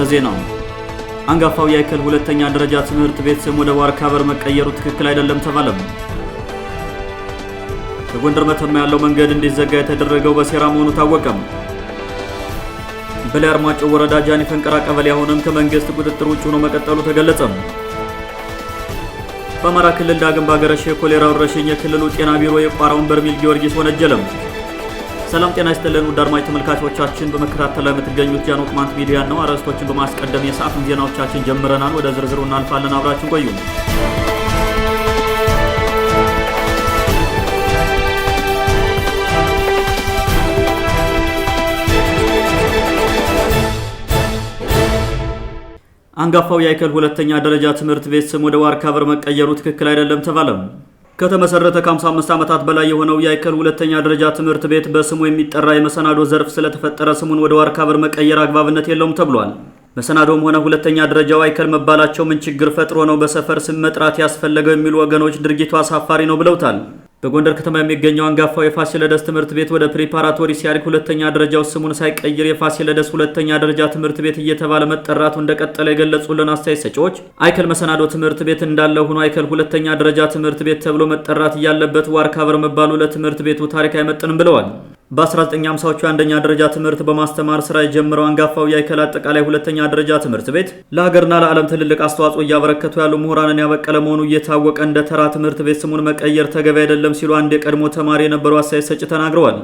አርዕስተ ዜና። አንጋፋው የአይከል ሁለተኛ ደረጃ ትምህርት ቤት ስም ወደ ዋርካበር መቀየሩ ትክክል አይደለም ተባለም። ከጎንደር መተማ ያለው መንገድ እንዲዘጋ የተደረገው በሴራ መሆኑ ታወቀም። በላይ አርማጭሆ ወረዳ ጃኒ ፈንቀራ ቀበሌ አሁንም ከመንግስት ቁጥጥር ውጭ ሆኖ መቀጠሉ ተገለጸም። በአማራ ክልል ዳግም ባገረሸ የኮሌራ ወረርሽኝ የክልሉ ጤና ቢሮ የቋራውን በርሜል ጊዮርጊስ ወነጀለም። ሰላም ጤና ይስጥልን ውድ አድማጭ ተመልካቾቻችን፣ በመከታተል ላይ የምትገኙት ጃኖ ቅማንት ሚዲያ ነው። አርዕስቶችን በማስቀደም የሰዓቱን ዜናዎቻችን ጀምረናል። ወደ ዝርዝሩ እናልፋለን። አብራችን ቆዩ። አንጋፋው የአይከል ሁለተኛ ደረጃ ትምህርት ቤት ስም ወደ ዋርካ በር መቀየሩ ትክክል አይደለም ተባለም። ከተመሰረተ ከ55 ዓመታት በላይ የሆነው የአይከል ሁለተኛ ደረጃ ትምህርት ቤት በስሙ የሚጠራ የመሰናዶ ዘርፍ ስለተፈጠረ ስሙን ወደ ዋርካበር መቀየር አግባብነት የለውም ተብሏል። መሰናዶም ሆነ ሁለተኛ ደረጃው አይከል መባላቸው ምን ችግር ፈጥሮ ነው በሰፈር ስም መጥራት ያስፈለገው የሚሉ ወገኖች ድርጊቱ አሳፋሪ ነው ብለውታል። በጎንደር ከተማ የሚገኘው አንጋፋው የፋሲለደስ ትምህርት ቤት ወደ ፕሪፓራቶሪ ሲያድግ ሁለተኛ ደረጃው ስሙን ሳይቀይር የፋሲለደስ ሁለተኛ ደረጃ ትምህርት ቤት እየተባለ መጠራቱ እንደቀጠለ የገለጹልን አስተያየት ሰጪዎች አይከል መሰናዶ ትምህርት ቤት እንዳለ ሆኖ አይከል ሁለተኛ ደረጃ ትምህርት ቤት ተብሎ መጠራት እያለበት ዋርካቨር መባሉ ለትምህርት ቤቱ ታሪክ አይመጥንም ብለዋል። በ1950ዎቹ የአንደኛ ደረጃ ትምህርት በማስተማር ስራ የጀመረው አንጋፋው የአይከል አጠቃላይ ሁለተኛ ደረጃ ትምህርት ቤት ለሀገርና ለዓለም ትልልቅ አስተዋጽኦ እያበረከቱ ያሉ ምሁራንን ያበቀለ መሆኑ እየታወቀ እንደ ተራ ትምህርት ቤት ስሙን መቀየር ተገቢ አይደለም ሲሉ አንድ የቀድሞ ተማሪ የነበሩ አስተያየት ሰጭ ተናግረዋል።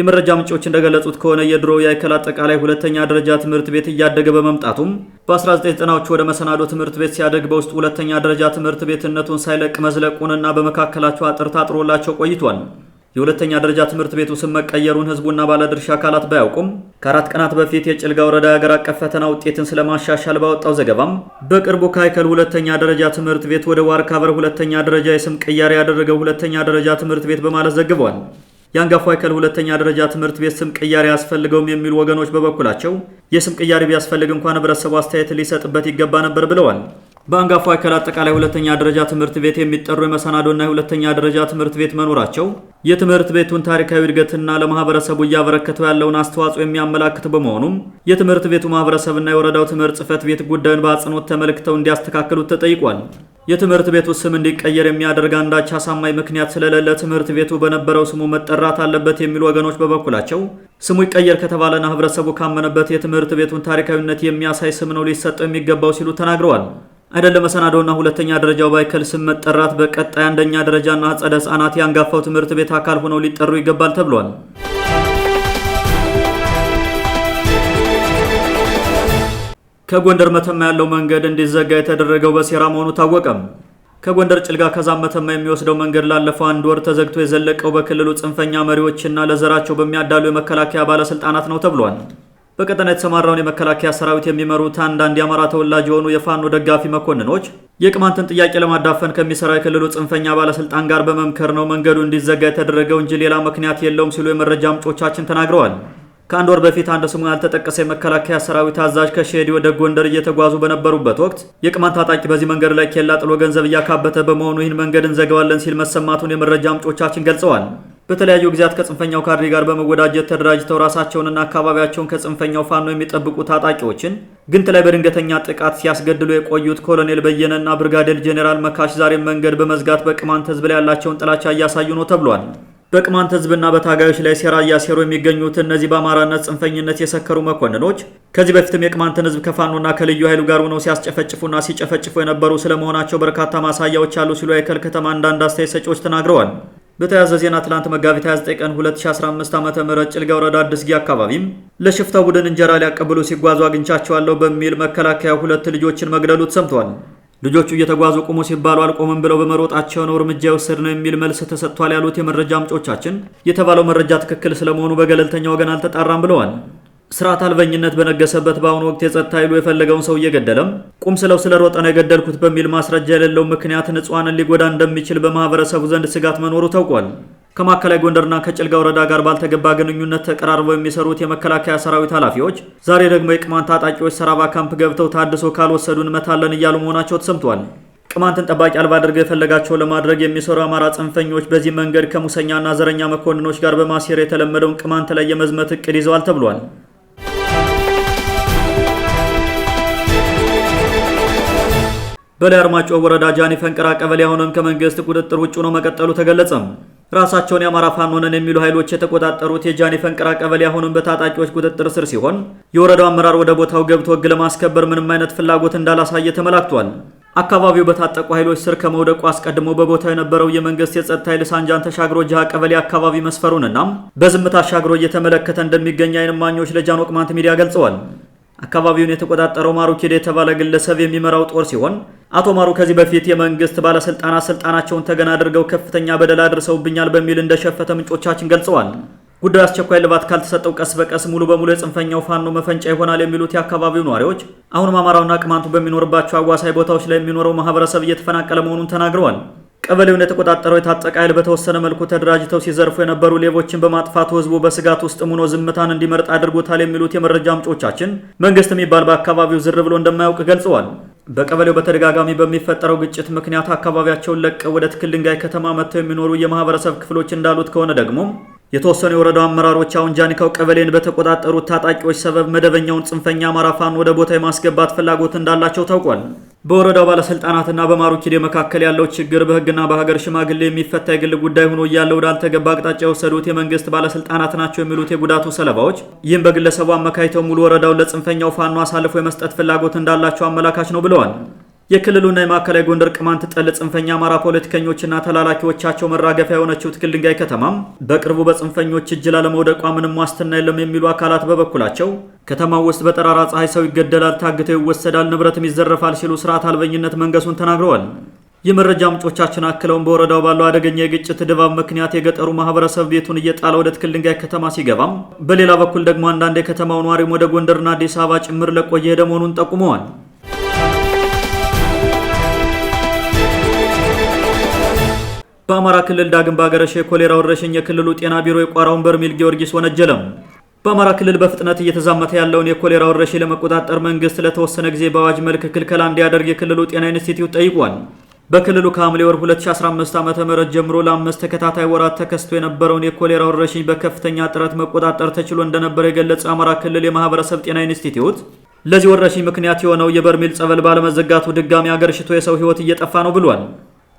የመረጃ ምንጮች እንደገለጹት ከሆነ የድሮ የአይከል አጠቃላይ ሁለተኛ ደረጃ ትምህርት ቤት እያደገ በመምጣቱም በ1990ዎቹ ወደ መሰናዶ ትምህርት ቤት ሲያደግ በውስጥ ሁለተኛ ደረጃ ትምህርት ቤትነቱን ሳይለቅ መዝለቁንና በመካከላቸው አጥር ታጥሮላቸው ቆይቷል። የሁለተኛ ደረጃ ትምህርት ቤቱ ስም መቀየሩን ህዝቡና ባለድርሻ አካላት ባያውቁም ከአራት ቀናት በፊት የጭልጋ ወረዳ ሀገር አቀፍ ፈተና ውጤትን ስለማሻሻል ባወጣው ዘገባም በቅርቡ ከአይከል ሁለተኛ ደረጃ ትምህርት ቤት ወደ ዋርካበር ሁለተኛ ደረጃ የስም ቅያሬ ያደረገው ሁለተኛ ደረጃ ትምህርት ቤት በማለት ዘግቧል። የአንጋፋ አይከል ሁለተኛ ደረጃ ትምህርት ቤት ስም ቅያሬ አያስፈልገውም የሚሉ ወገኖች በበኩላቸው የስም ቅያሬ ቢያስፈልግ እንኳን ህብረተሰቡ አስተያየት ሊሰጥበት ይገባ ነበር ብለዋል። በአንጋፋ አካል አጠቃላይ ሁለተኛ ደረጃ ትምህርት ቤት የሚጠሩ የመሰናዶና የሁለተኛ ደረጃ ትምህርት ቤት መኖራቸው የትምህርት ቤቱን ታሪካዊ እድገትና ለማህበረሰቡ እያበረከተው ያለውን አስተዋጽኦ የሚያመላክት በመሆኑም የትምህርት ቤቱ ማህበረሰብና የወረዳው ትምህርት ጽህፈት ቤት ጉዳዩን በአጽንኦት ተመልክተው እንዲያስተካክሉት ተጠይቋል። የትምህርት ቤቱ ስም እንዲቀየር የሚያደርግ አንዳች አሳማኝ ምክንያት ስለሌለ ትምህርት ቤቱ በነበረው ስሙ መጠራት አለበት የሚሉ ወገኖች በበኩላቸው ስሙ ይቀየር ከተባለና ህብረተሰቡ ካመነበት የትምህርት ቤቱን ታሪካዊነት የሚያሳይ ስም ነው ሊሰጠው የሚገባው ሲሉ ተናግረዋል። አይደለ መሰናዶና ሁለተኛ ደረጃው ባይከል ስም መጠራት በቀጣይ አንደኛ ደረጃና አጸደ ህጻናት የአንጋፋው ትምህርት ቤት አካል ሆነው ሊጠሩ ይገባል ተብሏል። ከጎንደር መተማ ያለው መንገድ እንዲዘጋ የተደረገው በሴራ መሆኑ ታወቀም። ከጎንደር ጭልጋ ከዛም መተማ የሚወስደው መንገድ ላለፈው አንድ ወር ተዘግቶ የዘለቀው በክልሉ ጽንፈኛ መሪዎችና ለዘራቸው በሚያዳሉ የመከላከያ ባለስልጣናት ነው ተብሏል። በቀጠና የተሰማራውን የመከላከያ ሰራዊት የሚመሩት አንዳንድ የአማራ ተወላጅ የሆኑ የፋኖ ደጋፊ መኮንኖች የቅማንትን ጥያቄ ለማዳፈን ከሚሰራ የክልሉ ጽንፈኛ ባለስልጣን ጋር በመምከር ነው መንገዱ እንዲዘጋ የተደረገው እንጂ ሌላ ምክንያት የለውም ሲሉ የመረጃ ምንጮቻችን ተናግረዋል። ከአንድ ወር በፊት አንድ ስሙ ያልተጠቀሰ የመከላከያ ሰራዊት አዛዥ ከሼዲ ወደ ጎንደር እየተጓዙ በነበሩበት ወቅት የቅማንት ታጣቂ በዚህ መንገድ ላይ ኬላ ጥሎ ገንዘብ እያካበተ በመሆኑ ይህን መንገድ እንዘጋዋለን ሲል መሰማቱን የመረጃ ምንጮቻችን ገልጸዋል። በተለያዩ ጊዜያት ከጽንፈኛው ካድሬ ጋር በመወዳጀት ተደራጅተው ራሳቸውንና አካባቢያቸውን ከጽንፈኛው ፋኖ የሚጠብቁ ታጣቂዎችን ግንት ላይ በድንገተኛ ጥቃት ሲያስገድሉ የቆዩት ኮሎኔል በየነና ብርጋዴር ጄኔራል መካሽ ዛሬም መንገድ በመዝጋት በቅማንት ህዝብ ላይ ያላቸውን ጥላቻ እያሳዩ ነው ተብሏል። በቅማንት ህዝብና በታጋዮች ላይ ሴራ እያሴሩ የሚገኙት እነዚህ በአማራነት ጽንፈኝነት የሰከሩ መኮንኖች ከዚህ በፊትም የቅማንትን ህዝብ ከፋኖና ከልዩ ኃይሉ ጋር ሆነው ሲያስጨፈጭፉና ሲጨፈጭፉ የነበሩ ስለመሆናቸው በርካታ ማሳያዎች አሉ ሲሉ የከል ከተማ አንዳንድ አስተያየት ሰጪዎች ተናግረዋል። በተያያዘ ዜና ትላንት መጋቢት 29 ቀን 2015 ዓ ም ጭልጋ ወረዳ አዲስጊ አካባቢም ለሽፍታ ቡድን እንጀራ ሊያቀብሉ ሲጓዙ አግኝቻቸዋለሁ በሚል መከላከያ ሁለት ልጆችን መግደሉ ተሰምቷል። ልጆቹ እየተጓዙ ቁሙ ሲባሉ አልቆምም ብለው በመሮጣቸው ነው እርምጃ የወሰድ ነው የሚል መልስ ተሰጥቷል ያሉት የመረጃ ምንጮቻችን የተባለው መረጃ ትክክል ስለመሆኑ በገለልተኛ ወገን አልተጣራም ብለዋል። ስርዓት አልበኝነት በነገሰበት በአሁኑ ወቅት የጸጥታ ኃይሉ የፈለገውን ሰው እየገደለም ቁም ስለው ስለ ነው የገደልኩት በሚል ማስረጃ የሌለው ምክንያት ንጹሐንን ሊጎዳ እንደሚችል በማህበረሰቡ ዘንድ ስጋት መኖሩ ታውቋል። ከማዕከላዊ ጎንደርና ከጭልጋ ወረዳ ጋር ባልተገባ ግንኙነት ተቀራርበው የሚሰሩት የመከላከያ ሰራዊት ኃላፊዎች ዛሬ ደግሞ የቅማንት ታጣቂዎች ሰራባ ካምፕ ገብተው ታድሶ ካልወሰዱን መታለን እያሉ መሆናቸው ተሰምቷል። ቅማንትን ጠባቂ አልባ አድርገው የፈለጋቸው ለማድረግ የሚሰሩ አማራ ጽንፈኞች በዚህ መንገድ ከሙሰኛና ዘረኛ መኮንኖች ጋር በማሴር የተለመደውን ቅማንት ላይ የመዝመት እቅድ ይዘዋል ተብሏል። በላይ አርማጭሆ ወረዳ ጃኒ ፈንቅራ ቀበሌ አሁንም ከመንግስት ቁጥጥር ውጭ ሆኖ መቀጠሉ ተገለጸ። ራሳቸውን የአማራ ፋኖ ነን የሚሉ ኃይሎች የተቆጣጠሩት የጃኒ ፈንቅራ ቀበሌ አሁንም በታጣቂዎች ቁጥጥር ስር ሲሆን የወረዳው አመራር ወደ ቦታው ገብቶ ሕግ ለማስከበር ምንም አይነት ፍላጎት እንዳላሳየ ተመላክቷል። አካባቢው በታጠቁ ኃይሎች ስር ከመውደቁ አስቀድሞ በቦታው የነበረው የመንግስት የጸጥታ ኃይል ሳንጃን ተሻግሮ ጃ ቀበሌ አካባቢ መስፈሩንና በዝምታ አሻግሮ እየተመለከተ እንደሚገኝ አይንማኞች ለጃን ሚዲያ ገልጸዋል። አካባቢውን የተቆጣጠረው ማሩኬድ የተባለ ግለሰብ የሚመራው ጦር ሲሆን አቶ ማሩ ከዚህ በፊት የመንግስት ባለስልጣናት ስልጣናቸውን ተገና አድርገው ከፍተኛ በደል አድርሰውብኛል በሚል እንደሸፈተ ምንጮቻችን ገልጸዋል። ጉዳዩ አስቸኳይ ልባት ካልተሰጠው ቀስ በቀስ ሙሉ በሙሉ የጽንፈኛው ፋኖ መፈንጫ ይሆናል የሚሉት የአካባቢው ነዋሪዎች አሁንም አማራውና ቅማንቱ በሚኖርባቸው አዋሳኝ ቦታዎች ላይ የሚኖረው ማህበረሰብ እየተፈናቀለ መሆኑን ተናግረዋል። ቀበሌውን የተቆጣጠረው የታጠቀ ኃይል በተወሰነ መልኩ ተደራጅተው ሲዘርፉ የነበሩ ሌቦችን በማጥፋቱ ህዝቡ በስጋት ውስጥ ሙኖ ዝምታን እንዲመርጥ አድርጎታል የሚሉት የመረጃ ምንጮቻችን መንግስት የሚባል በአካባቢው ዝር ብሎ እንደማያውቅ ገልጸዋል። በቀበሌው በተደጋጋሚ በሚፈጠረው ግጭት ምክንያት አካባቢያቸውን ለቀው ወደ ትክል ድንጋይ ከተማ መጥተው የሚኖሩ የማህበረሰብ ክፍሎች እንዳሉት ከሆነ ደግሞ የተወሰኑ የወረዳው አመራሮች አሁን ጃኒካው ቀበሌን በተቆጣጠሩት ታጣቂዎች ሰበብ መደበኛውን ጽንፈኛ አማራ ፋኖ ወደ ቦታ የማስገባት ፍላጎት እንዳላቸው ታውቋል። በወረዳው ባለስልጣናትና በማሩ ኪዴ መካከል ያለው ችግር በህግና በሀገር ሽማግሌ የሚፈታ የግል ጉዳይ ሆኖ እያለ ወዳልተገባ አቅጣጫ የወሰዱት የመንግስት ባለስልጣናት ናቸው የሚሉት የጉዳቱ ሰለባዎች፣ ይህም በግለሰቡ አመካኝተው ሙሉ ወረዳውን ለጽንፈኛው ፋኖ አሳልፎ የመስጠት ፍላጎት እንዳላቸው አመላካች ነው ብለዋል። የክልሉና የማዕከላዊ ጎንደር ቅማንት ጠል ጽንፈኛ አማራ ፖለቲከኞችና ተላላኪዎቻቸው መራገፊያ የሆነችው ትክል ድንጋይ ከተማም በቅርቡ በጽንፈኞች እጅ ላለመውደቋ ምንም ዋስትና የለም የሚሉ አካላት በበኩላቸው ከተማው ውስጥ በጠራራ ፀሐይ ሰው ይገደላል፣ ታግተው ይወሰዳል፣ ንብረትም ይዘረፋል ሲሉ ስርዓት አልበኝነት መንገሱን ተናግረዋል። የመረጃ ምንጮቻችን አክለውን በወረዳው ባለው አደገኛ የግጭት ድባብ ምክንያት የገጠሩ ማህበረሰብ ቤቱን እየጣለ ወደ ትክል ድንጋይ ከተማ ሲገባም፣ በሌላ በኩል ደግሞ አንዳንድ የከተማው ነዋሪም ወደ ጎንደርና አዲስ አበባ ጭምር ለቆየ እየሄደ መሆኑን ጠቁመዋል። በአማራ ክልል ዳግም ባገረሸ የኮሌራ ወረርሽኝ የክልሉ ጤና ቢሮ የቋራውን በርሜል ጊዮርጊስ ወነጀለም። በአማራ ክልል በፍጥነት እየተዛመተ ያለውን የኮሌራ ወረርሽኝ ለመቆጣጠር መንግስት ለተወሰነ ጊዜ በአዋጅ መልክ ክልከላ እንዲያደርግ የክልሉ ጤና ኢንስቲትዩት ጠይቋል። በክልሉ ከሐምሌ ወር 2015 ዓ ም ጀምሮ ለአምስት ተከታታይ ወራት ተከስቶ የነበረውን የኮሌራ ወረርሽኝ በከፍተኛ ጥረት መቆጣጠር ተችሎ እንደነበረ የገለጸ አማራ ክልል የማህበረሰብ ጤና ኢንስቲትዩት ለዚህ ወረርሽኝ ምክንያት የሆነው የበርሜል ጸበል ባለመዘጋቱ ድጋሚ አገርሽቶ የሰው ህይወት እየጠፋ ነው ብሏል።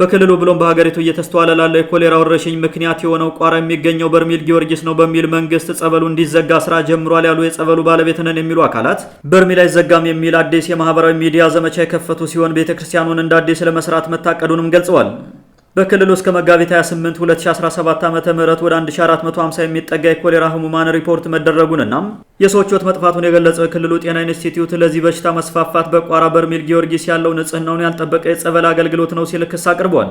በክልሉ ብሎም በሀገሪቱ እየተስተዋለ ላለው የኮሌራ ወረርሽኝ ምክንያት የሆነው ቋራ የሚገኘው በርሜል ጊዮርጊስ ነው በሚል መንግስት ጸበሉ እንዲዘጋ ስራ ጀምሯል ያሉ የጸበሉ ባለቤት ነን የሚሉ አካላት በርሜል አይዘጋም የሚል አዲስ የማህበራዊ ሚዲያ ዘመቻ የከፈቱ ሲሆን ቤተክርስቲያኑን እንደ አዲስ ለመስራት መታቀዱንም ገልጸዋል። በክልሉ እስከ መጋቢት 28 2017 ዓ.ም ወደ 1450 የሚጠጋ የኮሌራ ህሙማን ሪፖርት መደረጉንና የሰዎች ሕይወት መጥፋቱን የገለጸው የክልሉ ጤና ኢንስቲትዩት ለዚህ በሽታ መስፋፋት በቋራ በርሜል ጊዮርጊስ ያለው ንጽህናውን ያልጠበቀ የጸበል አገልግሎት ነው ሲል ክስ አቅርቧል።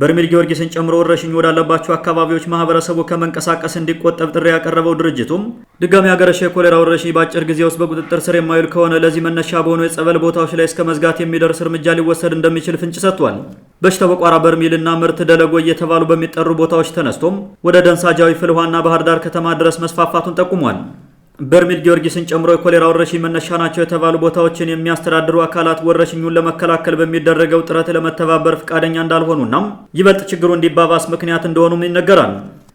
በርሜል ጊዮርጊስን ጨምሮ ወረሽኝ ወዳለባቸው አካባቢዎች ማህበረሰቡ ከመንቀሳቀስ እንዲቆጠብ ጥሪ ያቀረበው ድርጅቱም ድጋሚ ሀገረሻ የኮሌራ ወረሽኝ በአጭር ጊዜ ውስጥ በቁጥጥር ስር የማይውል ከሆነ ለዚህ መነሻ በሆኑ የጸበል ቦታዎች ላይ እስከ መዝጋት የሚደርስ እርምጃ ሊወሰድ እንደሚችል ፍንጭ ሰጥቷል። በሽታው በቋራ በርሜልና ምርት ደለጎ እየተባሉ በሚጠሩ ቦታዎች ተነስቶም ወደ ደንሳ ጃዊ፣ ፍልውሃና ባህር ዳር ከተማ ድረስ መስፋፋቱን ጠቁሟል። በርሜል ጊዮርጊስን ጨምሮ የኮሌራ ወረርሽኝ መነሻ ናቸው የተባሉ ቦታዎችን የሚያስተዳድሩ አካላት ወረርሽኙን ለመከላከል በሚደረገው ጥረት ለመተባበር ፈቃደኛ እንዳልሆኑና ይበልጥ ችግሩ እንዲባባስ ምክንያት እንደሆኑም ይነገራል።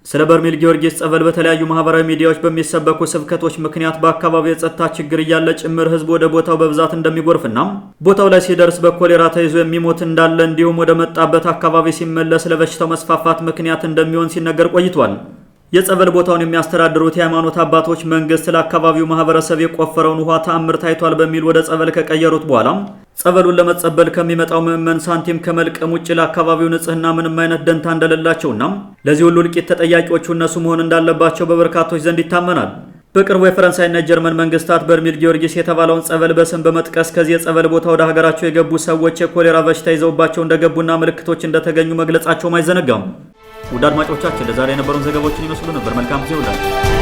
ስለ በርሜል ጊዮርጊስ ጸበል በተለያዩ ማህበራዊ ሚዲያዎች በሚሰበኩ ስብከቶች ምክንያት በአካባቢው የጸጥታ ችግር እያለ ጭምር ህዝብ ወደ ቦታው በብዛት እንደሚጎርፍና ቦታው ላይ ሲደርስ በኮሌራ ተይዞ የሚሞት እንዳለ እንዲሁም ወደ መጣበት አካባቢ ሲመለስ ለበሽታው መስፋፋት ምክንያት እንደሚሆን ሲነገር ቆይቷል። የጸበል ቦታውን የሚያስተዳድሩት የሃይማኖት አባቶች መንግስት ለአካባቢው ማህበረሰብ የቆፈረውን ውሃ ተአምር ታይቷል በሚል ወደ ጸበል ከቀየሩት በኋላም ጸበሉን ለመጸበል ከሚመጣው ምዕመን ሳንቲም ከመልቀም ውጭ ለአካባቢው ንጽህና ምንም አይነት ደንታ እንደሌላቸውና ለዚህ ሁሉ እልቂት ተጠያቂዎቹ እነሱ መሆን እንዳለባቸው በበርካቶች ዘንድ ይታመናል። በቅርቡ የፈረንሳይና የጀርመን መንግስታት በርሜል ጊዮርጊስ የተባለውን ጸበል በስም በመጥቀስ ከዚህ የጸበል ቦታ ወደ ሀገራቸው የገቡ ሰዎች የኮሌራ በሽታ ይዘውባቸው እንደገቡና ምልክቶች እንደተገኙ መግለጻቸውም አይዘነጋም። ውድ አድማጮቻችን ለዛሬ የነበሩን ዘገባዎችን ይመስሉ ነበር። መልካም ጊዜ ሁላችሁ